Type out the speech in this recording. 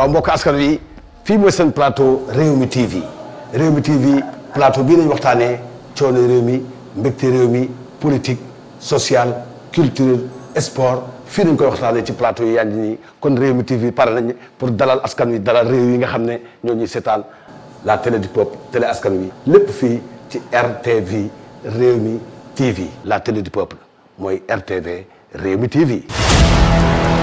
waaw mbokk askan wi fii mooy seen plateau Rewmi TV Rewmi TV plateau bii lañ waxtaanee coono réew mi mbégte réew mi politique sociale culturel sport fii nañ koy waxtaanee ci plateau yi yaa ngi nii kon Rewmi TV pare nañ pour dalal askan wi dalal réew yi nga xam ne ñoo ñuy seetaan la télé du peuple télé askan wi lépp fii ci RTV Rewmi TV la télé du peuple mooy RTV Rewmi TV